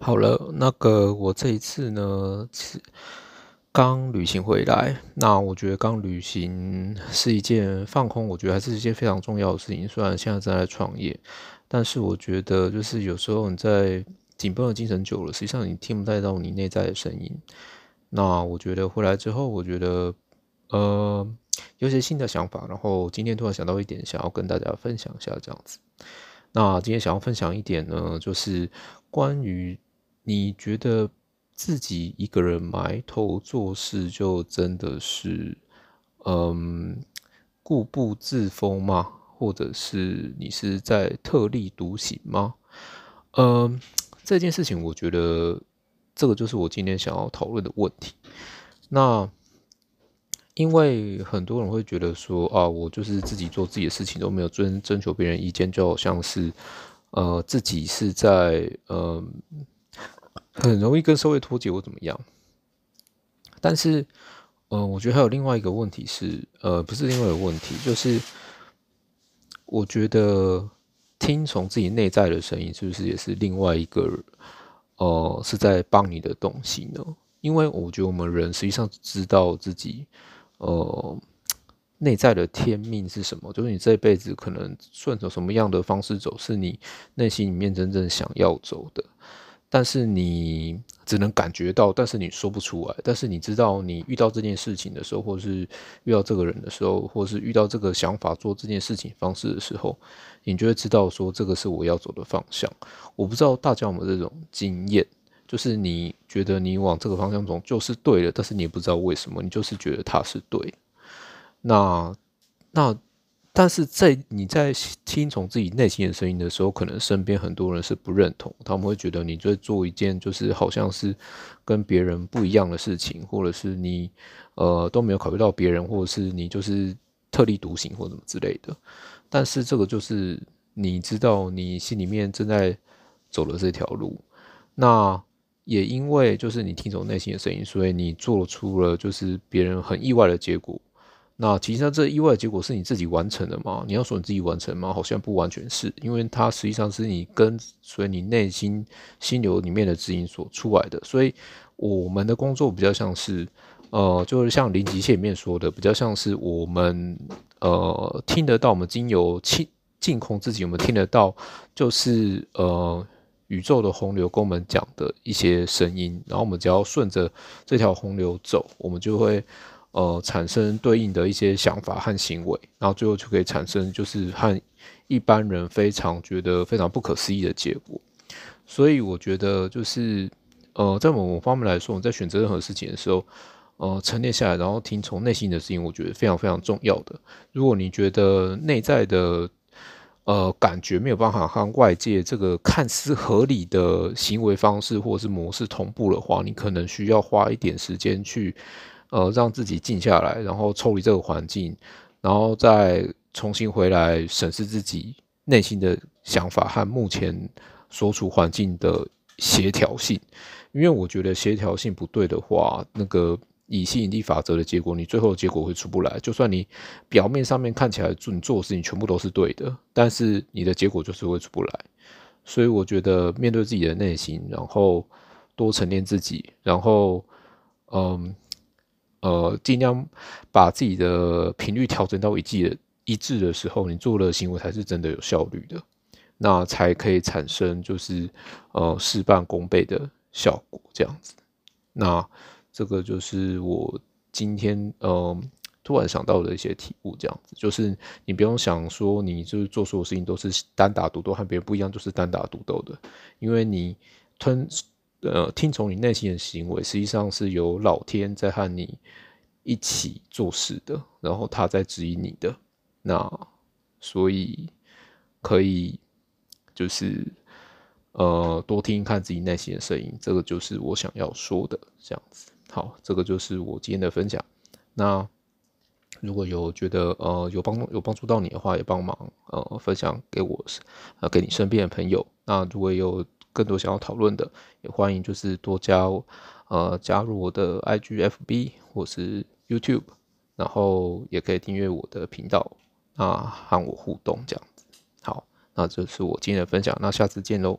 好了，那個我這一次呢是剛旅行回來，那我覺得剛旅行是一件放空，我覺得還是一件非常重要的事情。雖然現在正在創業，但是我覺得就是有時候你在緊繃的精神久了，實際上你聽不太到你內在的聲音。那我覺得回來之後，我覺得呃有些新的想法，然後今天突然想到一點，想要跟大家分享一下這樣子。那今天想要分享一點呢，就是關於。你覺得自己一個人埋頭做事，就真的是嗯固步自封嗎？或者是你是在特立獨行嗎？嗯，這件事情，我覺得這個就是我今天想要討論的問題。那因為很多人會覺得說，啊，我就是自己做自己的事情都沒有遵徵求別人意見，就好像是呃自己是在嗯。呃很容易跟社會脫節或怎麼樣，但是，嗯、呃，我覺得還有另外一個問題是，呃，不是另外一個問題，就是我覺得聽從自己內在的聲音，是不是也是另外一個，呃，是在幫你的東西呢？因為我覺得我們人實際上知道自己，呃，內在的天命是什麼，就是你這一輩子可能順從什麼樣的方式走，是你內心裡面真正想要走的。但是你只能感覺到，但是你說不出來。但是你知道，你遇到這件事情的時候，或者是遇到這個人的時候，或者是遇到這個想法、做這件事情方式的時候，你就會知道說，這個是我要走的方向。我不知道大家有沒有這種經驗，就是你覺得你往這個方向走就是對的，但是你也不知道為什麼，你就是覺得它是對。那那。但是在你在聽從自己內心的聲音的時候，可能身邊很多人是不認同，他們會覺得你在做一件就是好像是跟別人不一樣的事情，或者是你呃都沒有考慮到別人，或者是你就是特立獨行或什麼之類的。但是這個就是你知道你心裡面正在走的這條路，那也因為就是你聽從內心的聲音，所以你做出了就是別人很意外的結果。那實際上，這意外的結果是你自己完成的嘛？你要說你自己完成嘛？好像不完全是，因為它實際上是你跟隨你內心心流裡面的指引所出來的。所以我們的工作比較像是，呃，就是像零極限裡面說的，比較像是我們呃聽得到我們經由清淨空自己有沒有聽得到，就是呃宇宙的洪流跟我們講的一些聲音，然後我們只要順着這條洪流走，我們就會。呃，產生對應的一些想法和行為，然後最後就可以產生就是和一般人非常覺得非常不可思議的結果。所以我覺得就是呃，在某方面來說，我們在選擇任何事情的時候，呃，沉澱下來，然後聽從內心的事情，我覺得非常非常重要的。如果你覺得內在的呃感覺沒有辦法和外界這個看似合理的行為方式或者是模式同步的話，你可能需要花一點時間去。呃，讓自己靜下來，然後抽離這個環境，然後再重新回來審視自己內心的想法和目前所處環境的協調性。因為我覺得協調性不對的話，那個以吸引力法則的結果，你最後的結果會出不來。就算你表面上面看起來做你做的事情全部都是對的，但是你的結果就是會出不來。所以我覺得面對自己的內心，然後多沉澱自己，然後嗯。呃，儘量把自己的頻率調整到一致，一致的時候，你做的行為才是真的有效率的，那才可以產生就是呃事半功倍的效果這樣子。那這個就是我今天呃突然想到的一些題目，這樣子就是你不用想說你就是做所有事情都是單打獨鬥，和別人不一樣就是單打獨鬥的，因為你聽呃聽從你內心的行為，實際上是有老天在和你。一起做事的，然後他在指引你的，那所以可以就是呃多聽看自己內心的聲音，這個就是我想要說的這樣子。好，這個就是我今天的分享。那如果有覺得呃有幫有幫助到你的話，也幫忙呃分享給我，呃給你身邊的朋友。那如果有更多想要討論的，也歡迎就是多加，呃，加入我的 IGFB 或是 YouTube，然後也可以訂閱我的頻道，那和我互動這樣子。好，那這是我今天的分享，那下次見嘍。